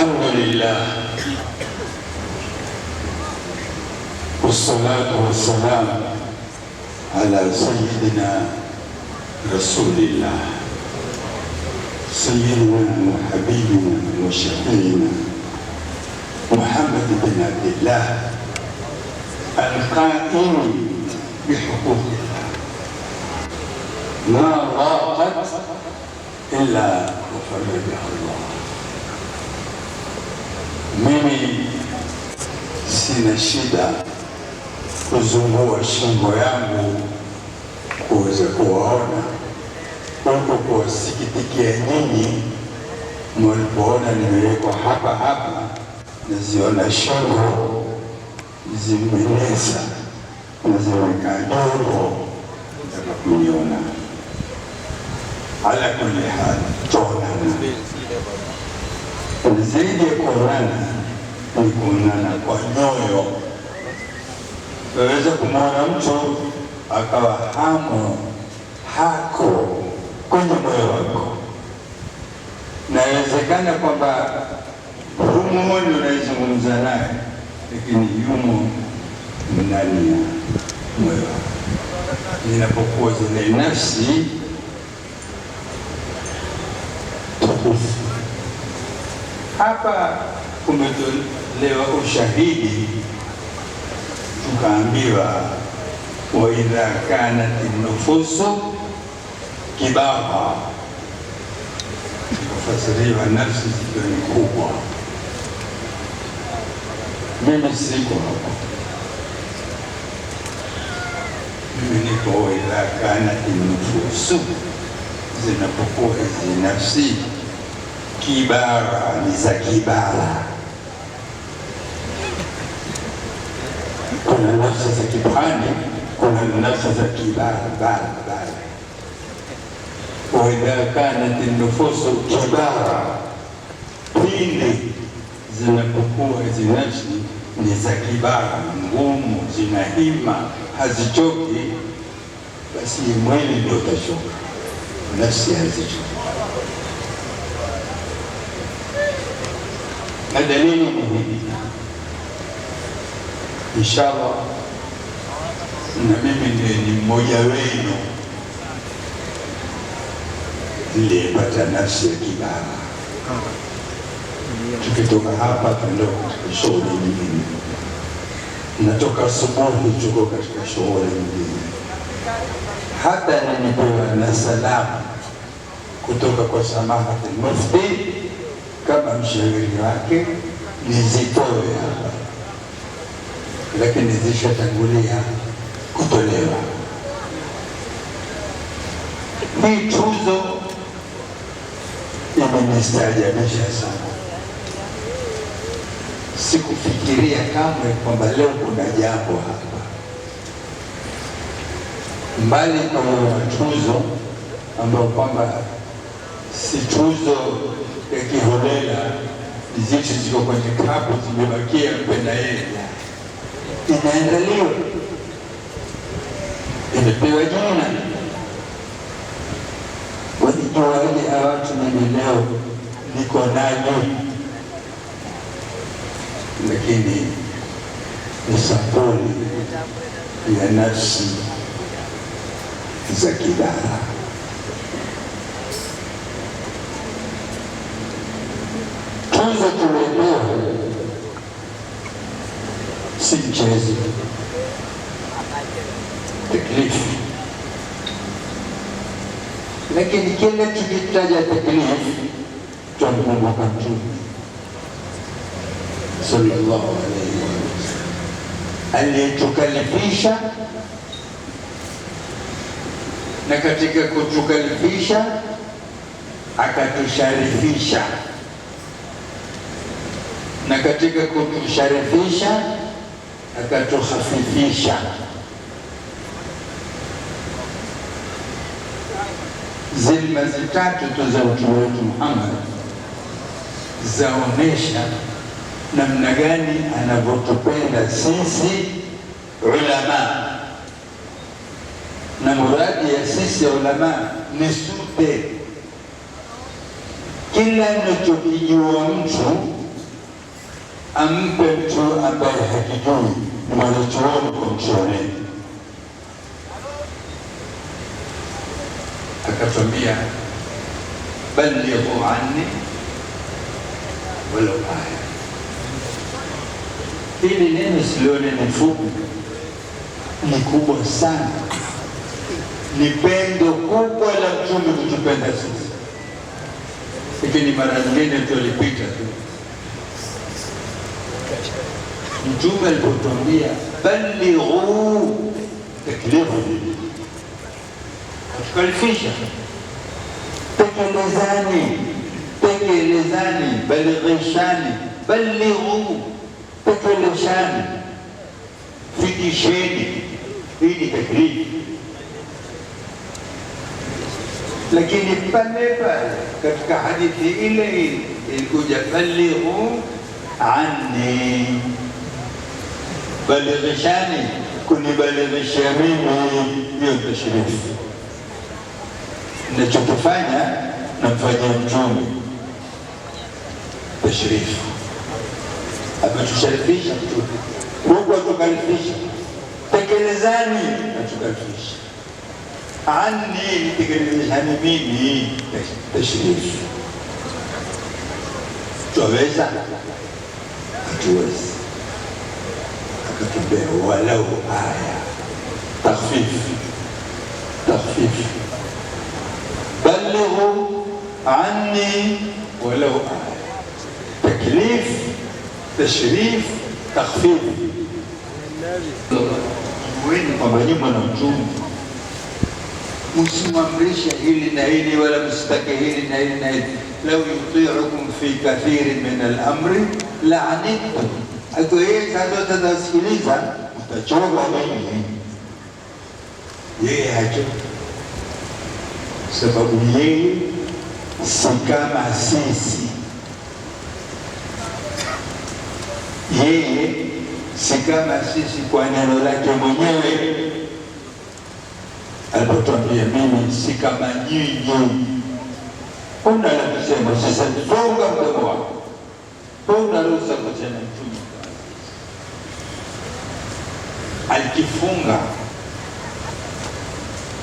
الحمد لله والصلاة والسلام على سيدنا رسول الله سيدنا وحبيبنا وشقينا محمد بن عبد الله القائم بحقوق الله ما راقت إلا وفرجها الله Mimi sina shida kuzungua shingo yangu kuweza kuwaona huku, kuwasikitikia nyinyi mlipoona nimewekwa hapa hapa, naziona shingo zimeneza na zimekaa dogo mpaka kuniona. Ala kuli hali tonana zaidi ya kuonana ni kuonana kwa nyoyo. Unaweza kumwona mtu akawa hamu hako kwenye moyo wako, nawezekana kwamba humuoni unaizungumza naye, lakini yumo ndani ya moyo wako. Zinapokuwa zile nafsi tukufu hapa kumetolewa ushahidi, tukaambiwa waidha kanat nufusu kibaha, kufasiriwa nafsi zikiwa ni kubwa. Mimi siko hapa, mimi niko waidha kanat nufusu, zinapokuwa hizi nafsi Kibara ni za kibara, kuna nafsi za kipande, kuna nafsi za kibarabara. Waidha kanat nufusu kibara, pindi zinapokuwa zinafsi ni za kibara, ngumu, zina hima, hazichoki, basi mwili ndio utachoka, nafsi hazichoki. na dalili Inshallah, na mimi ni mmoja wenu niliyepata nafsi ya kibaba. Tukitoka hapa katika shughuli nyingine, natoka asubuhi, tuko katika shughuli nyingine. Hata nilipewa na salamu kutoka kwa samahati mufti kama mshauri wake nizitoe hapa, lakini zishatangulia kutolewa. Hii tuzo imenistaajabisha sana. Sikufikiria kamwe kwamba leo kuna jambo hapa, mbali na tuzo ambayo kwamba si tuzo ya kiholela, vijiti ziko kwenye kapu zimebakia kwenda yeye, inaandaliwa imepewa jina. Walijuaje hawa watu mimi leo niko nanyo Lakini ni sampuli ya nafsi za kidara mchezo taklifu, lakini kila tukitaja taklifu twamkumbuka Mtume sallallahu alaihi wasallam aliyetukalifisha, na katika kutukalifisha akatusharifisha, na katika kutusharifisha akatuhafifisha zilma zitatu tu za utume wetu Muhammad zaonesha namna gani anavyotupenda sisi ulama, na muradi ya sisi ulama ni sute kila anachokijua mtu ampe mtu ambaye hakijui, ni mwanachuoni kwa mchuoni. Akatwambia, ballighu anni walau aya. Hili neno silione ni fupi, ni kubwa sana, ni pendo kubwa la mtume kutupenda sisi. Lakini mara nyingine tulipita tu الجمل البريطانية بلغوا تكليفهم كواليفيشن تكلزاني تكلزاني بلغشاني بلغوا تكلشاني فتشاني إيدي تكليف lakini pale pale katika hadithi ile ile ilikuja balighu anni balegheshani, kunibaleghesha mimi, hiyo ndio shiriki. Nachokifanya namfanyia mtume tashrifu, ametusharifisha mtume, Mungu atukarifisha, tekelezani, atukarifisha ani, tekelezani mimi tashrifu, twaweza hatuwezi ولو آية تخفيف تخفيف بلغوا عني ولو آية تكليف تشريف تخفيف وين مسمومريش هيل نهيل ولا مستكهيل نهيل نهيل لو يطيعكم في كثير من الأمر لعنتم akiweka ndoto nasikiliza, utachorwa mwenyewe. Yeye hacho sababu yeye si kama sisi, yeye si kama sisi kwa neno lake mwenyewe alipotuambia, mimi si kama nyinyi una sasa, funga mdomo wako, una kusema mtume alikifunga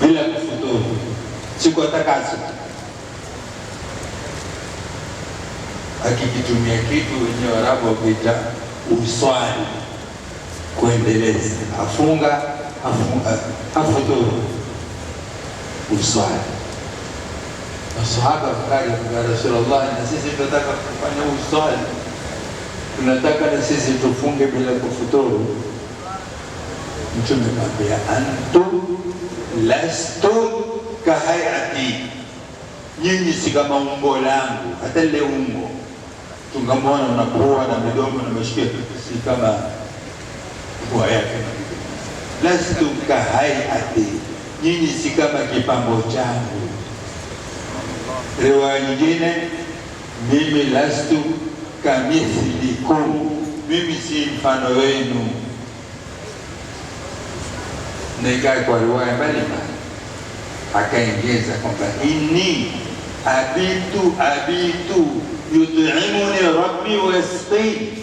bila kufuturu siku atakazo akikitumia kitu wenye Warabu wakuita uswali, kuendeleza afunga afunga afuturu uswali. Masahaba wakaja kwa Rasulullah, na sisi tunataka kufanya uswali, tunataka na sisi tufunge bila kufuturu. Mtume akamwambia antum lastum kahayati, nyinyi si kama umbo langu, hata lile umbo tungamwona unakuwa na midomo na mashikio, si kama pua yake. Lastum kahayati, nyinyi si kama kipambo changu. Riwaya nyingine mimi lastu kamithlikum, mimi si mfano wenu na kwa riwaya mbalimbali, akaingiza kwamba inni abitu abitu yut'imuni rabbi wa yasqini,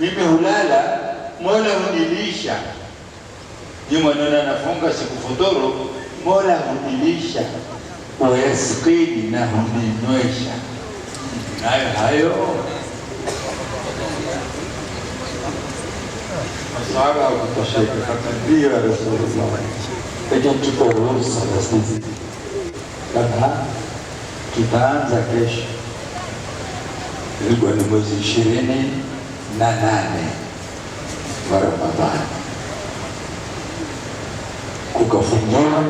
mimi hulala mola hunilisha. Ni mwanana anafunga siku fudhuru, mola hunilisha, wa na huninywesha. Nayo hayo msaada unatosha kufuatilia Rasulullah. Lakini tuko huru sana sisi, labda tutaanza kesho. Ilikuwa ni mwezi ishirini na nane wa Ramadhani, kukafungiwa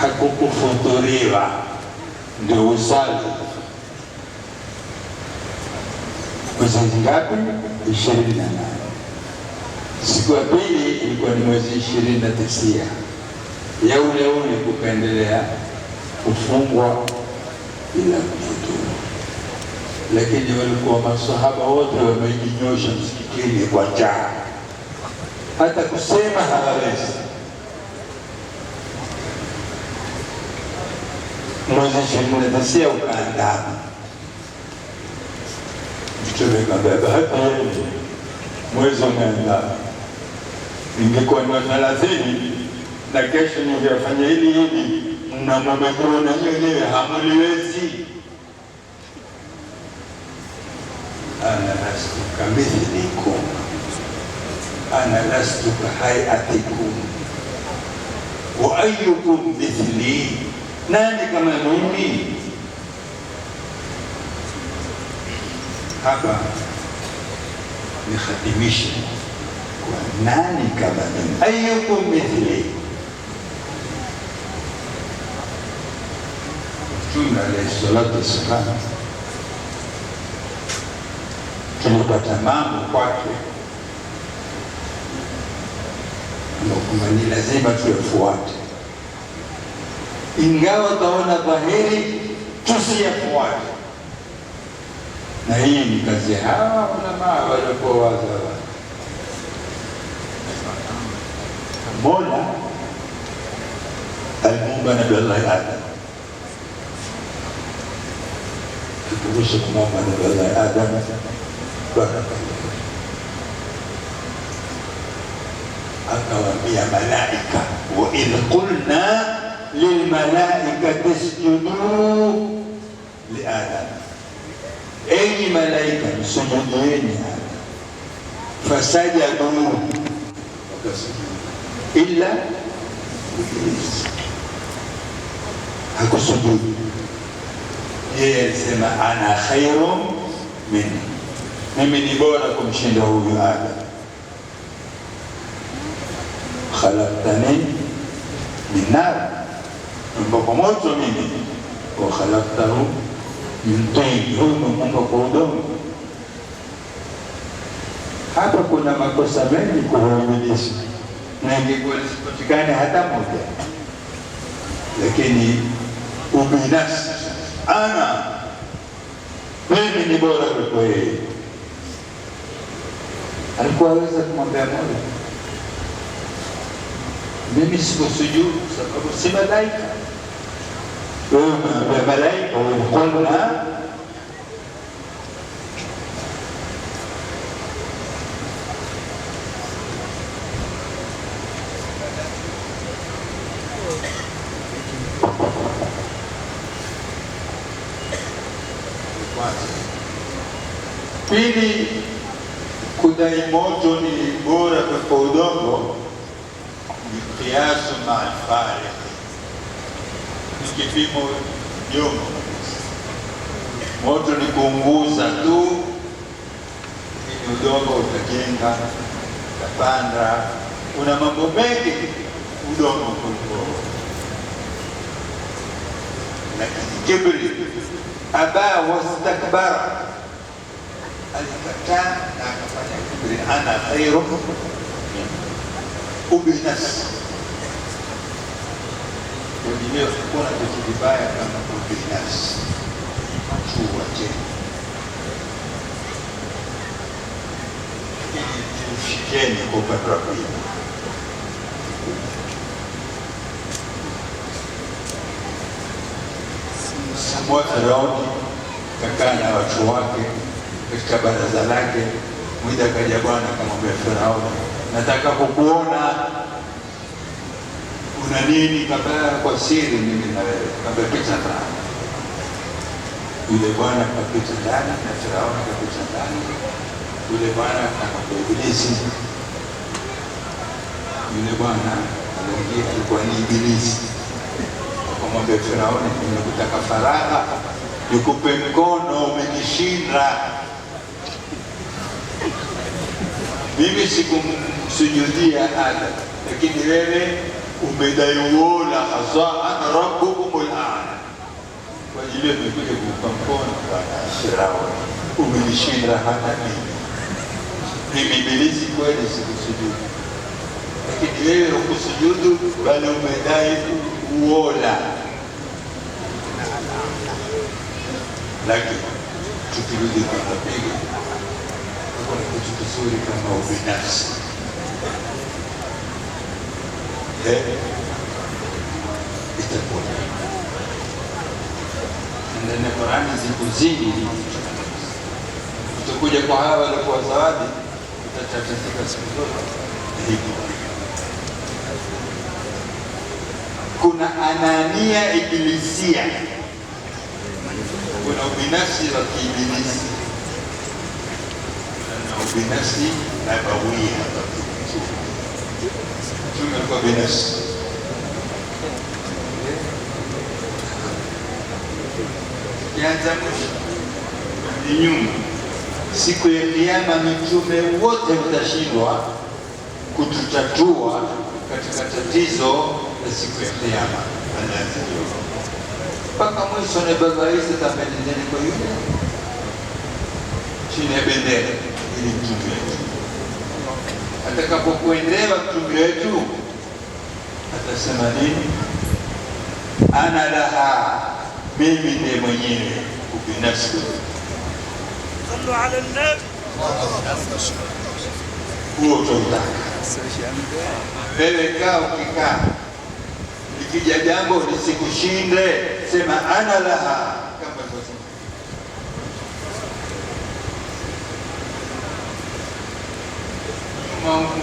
hakukufuturiwa, ndio usali mwezi ngapi? ishirini na nane. Siku ya pili ilikuwa ni mwezi ishirini na tisia ya ule ule, kukaendelea kufungwa bila mtutu, lakini walikuwa masahaba wote wamejinyosha msikitini kwa njaa, hata kusema hawawezi. Mwezi ishirini na tisia ukaandama vichwa vinabeba. Hata yeye mwezi umeenda, ningekuwa na thelathini na kesho ningefanya hili hili, na mmejiona wenyewe hamuliwezi. Ana lastuka mithlikum, ana lastuka hayatikum, wa ayyukum mithli, nani kama mimi? hapa nihatimishe kwa nani kabanin ayukum mithili Mtume alayhi salatu wassalam tunapata mambo kwake kwamba ni lazima tuyafuate, ingawa taona dhahiri tusiyafuate. na hii ni kazi hawa wanamaa waliokuwa wazawa. Mola alimuumba Nabii Allahi Adam, tukumbushe kumwomba Nabii Allahi Adam baraka, akawaambia malaika, wa idh qulna lilmalaikati isjudu liadama enyi malaika sujudieni fasajadu, illa Iblis hakusujudu. Yeye alisema ana khairu minni, mimi ni bora kumshinda huyu ada Khalaqtani min nar, moto mimi, wa khalaqtahu mtei vumbi Mungu kwa udongo. Hapa kuna makosa mengi kuwaumilisha, na ingekuwa lisipatikane hata moja, lakini ubinafsi, ana mimi ni bora kuliko yeye, alikuwa aweza kumwambia Mola, mimi sikusujudu sababu si malaika, wewe unaambia malaika Pili, kudai moto ni bora kwa udongo ni kiasi maafari, ni kipimo jomo. Moto ni kuunguza tu, udongo utajenga, utapanda. Una mambo mengi udongo kuliko, lakini kibri aba wastakbara alikataa na akafanya kiburi, ana khairu ubinafsi wengineo kuona vitu vibaya kama ubinafsi machua tena shikeni kwa upande wa pili Samua Firauni kakaa na watu wake katika baraza lake. Mwida kaja Bwana akamwambia Firauni, nataka kukuona una nini kabla kwa siri mimi na wewe. Akamwambia picha ndani. Yule bwana akapita ndani na Firauni akapita ndani. Yule bwana akamwambia Ibilisi, yule bwana aliingia alikuwa ni Ibilisi. Akamwambia Firauni, nimekutaka faragha, nikupe mkono, umenishinda Mimi sikumsujudia Adam, lakini wewe umedai uola hasa ana rabbukumul aala. Kwa ajili nimekuja kukupa mkono Bwana Firauni, umenishinda hata mimi. Mimi Ibilisi kweli sikusujudu, lakini wewe ukusujudu, bali umedai uola. Lakini tukirudi kwa nabii kuwa kitu kizuri kama ubinafsi itakuwa ndani Qur'ani zikuzidi, utakuja kwa hawa walikuwa zawadi, utatatizika siku zote. Kuna anania ibilisia, kuna ubinafsi wa kiibilisi binafsi na bawia, uchumi ulikuwa binafsi. Tukianza mwisho ni nyuma, siku ya Kiyama mitume wote utashindwa kututatua katika tatizo la siku ya Kiyama mpaka mwisho. Ni baba hizi tapendezenikoyuda chini ya bendera ili mchungi wetu. Atakapokuendea mchungi wetu atasema nini? Ana laha, mimi ndiye mwenyewe ubinafsi. Huo utautaka wewe. Kaa ukikaa, ikija jambo lisikushinde, sema ana laha mwangu.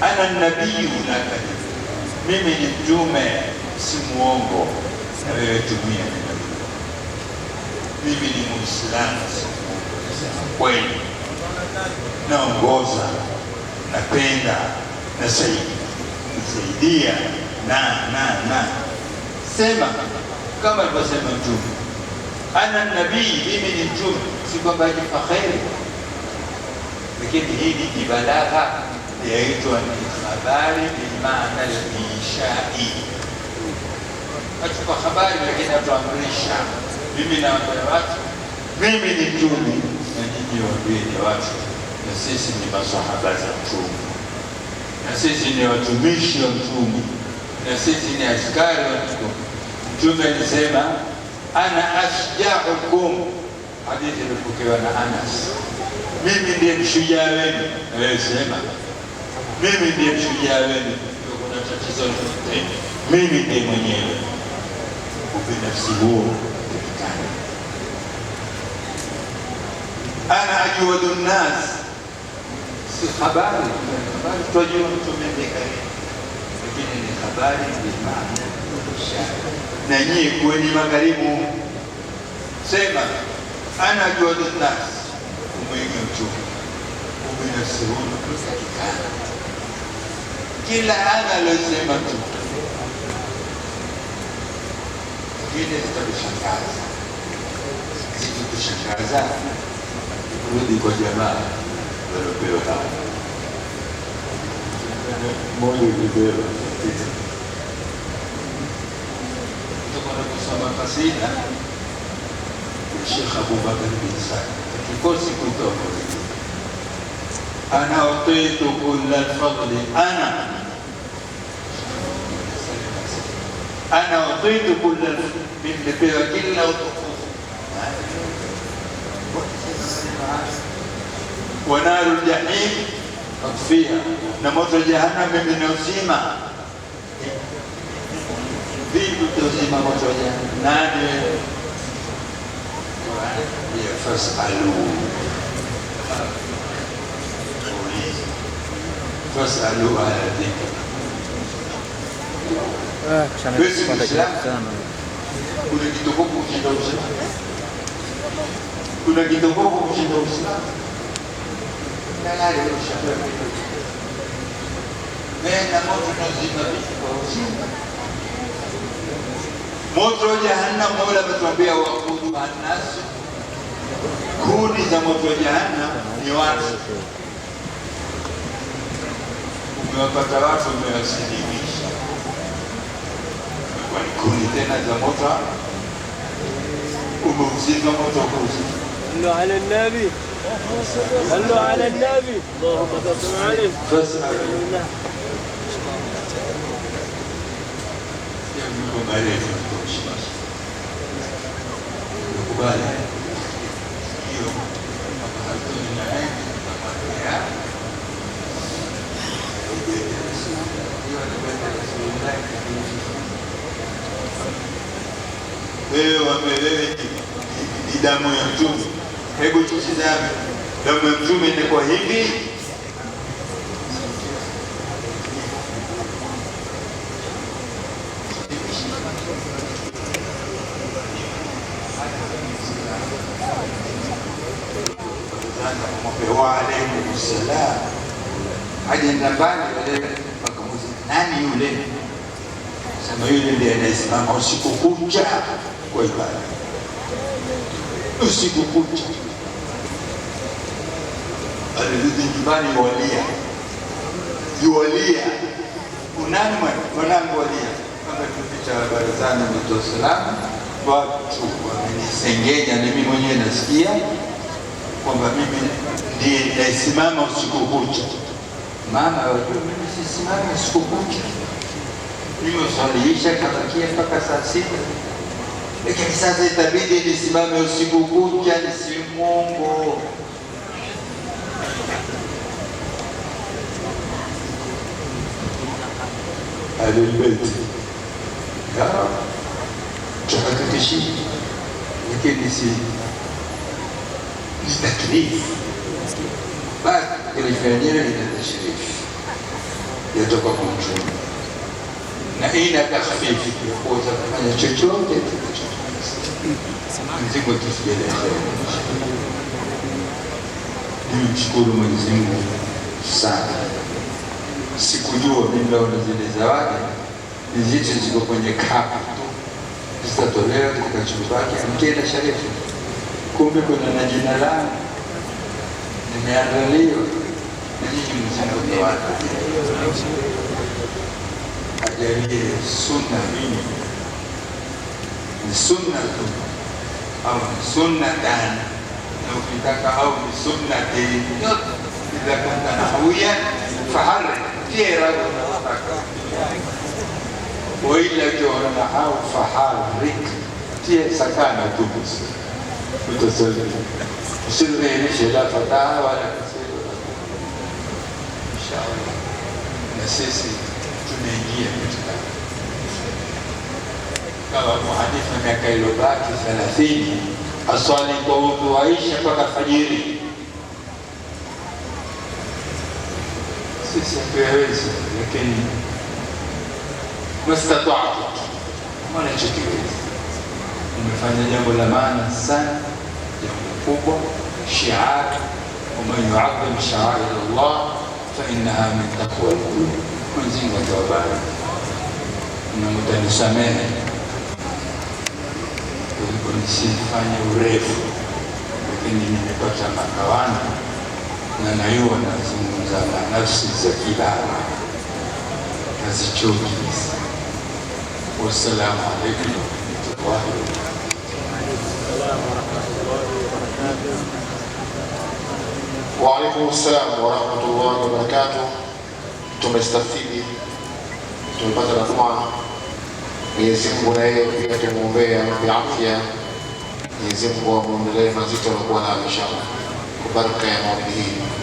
Ana nabii laka, mimi ni mtume, si muongo, na wewe tumia mimi ni Muislamu kweli, naongoza, napenda, nasaidia na na na sema kama alivyosema mtume, ana nabii, mimi ni mtume si kwamba ni faheri, lakini hii ni kibalagha, yaitwa ni habari bimaana alishai. Achukua habari, lakini atuamrisha. Mimi naambia watu, mimi ni mtume na nyinyi waambieni watu, na sisi ni masahaba za mtume, na sisi ni watumishi wa mtume, na sisi ni askari wa mtume. Mtume alisema ana ashjaukum Hadithi imepokewa na Anas, mimi ndiye mshujaa wenu anayesema, mimi ndiye mshujaa wenu, kuna tatizo lolote, mimi ndiye mwenyewe. Ubinafsi huo upatikana, ana ajwadu nnas. Si habari, twajua mtu mendekani, lakini ni habari imama na nyie kuweni makarimu, sema ana juadnas umwingi uchumi ubinafsihuna kusatikana kila analosema tu ingine zitakushangaza zikikushangaza kurudi kwa jamaa waliopewa hapo moyo ulibeba utakwenda kusoma kasida الشيخ أبو بكر بن سعد الكرسي كنت أقول أنا أعطيت كل الفضل أنا أنا أعطيت كل الفضل بوكل ونار الجحيم أطفيها نموت جهنم من نوزيما في توسيما موت جهنم فاسألوا فاسألوا أهل الذكر Eux, c'est l'islam. Vous ne quittez pas pour quitter l'islam. Vous ne quittez pas pour quitter l'islam. il y a le chapelle. Mais la mort de nos jahannam mola betrabia wa annasu kuni za moto wa jahannam ni watu. Umewapata watu, umewasilimisha, kwa ni kuni tena za moto, umeuzima moto kuzi. Sallu ala nabi, sallu ala nabi, Allahumma salli alayhi. Marefu kukubali wewe wamelele ni damu ya mtume. Hebu tuchizame damu ya mtume ni kwa hivi umesimama usiku kucha kwa ibada, usiku kucha. Alirudi nyumbani, walia yuwalia unani wanangu walia kama tupita barazani Dar es Salaam, watu wamenisengenya, mimi mwenyewe nasikia kwamba mimi ndiye naisimama usiku kucha. Mama, wajua mimi sisimama usiku kucha nilishakamakia mpaka saa sita, lakini sasa itabidi nisimame usiku kucha nisimuongo alibeti takatikishi lakini si taklifu basi kilifanyia inatashirifu yatoka kwa mchungu na hii nataka hivi kuweza kufanya chochote mzigo tusijeleze. Nimshukuru Mwenyezi Mungu sana. Sikujua mimi leo zile zawadi nzito ziko kwenye kapu tu zitatolewa katika chumba chake mkenda Sharifu, kumbe kuna na jina langu nimeandaliwa na nyinyi mzingo ni watu يعني السنة السنة أو سنتان لو كتاك أو سنتين إذا كنت نحويا فحرك في إرادة وإلا جوانا نحاو فحرك تيه سكانة تبس متسلسل يصير بينيش لا فتاة ولا كسير إن شاء الله نسيسي tumeingia katika kawa muhadithi na miaka iliyobaki thelathini aswali kwa utu waisha mpaka fajiri. Sisi hatuyawezi, lakini mastatatu mwanachokiwezi. Umefanya jambo la maana sana, jambo kubwa, shiara waman yuadhim shaair Allah fainnaha min taqwa lqulub Mwenyezi Mungu atawabariki na mtanisamehe kuliko nisifanye urefu, lakini nimepata makawana na nayua nazungumza na nafsi za kilala hazichoki. Wassalamu alaikum warahmatullahi wabarakatuh. Wa salam warahmatullahi wabarakatuh tumestafidi, tumepata nafaa. Mwenyezi Mungu na yeye pia tumwombea afya. Mwenyezi Mungu amuondolee mazito aliokuwa nayo, ameshana kwa baraka ya maombi hii.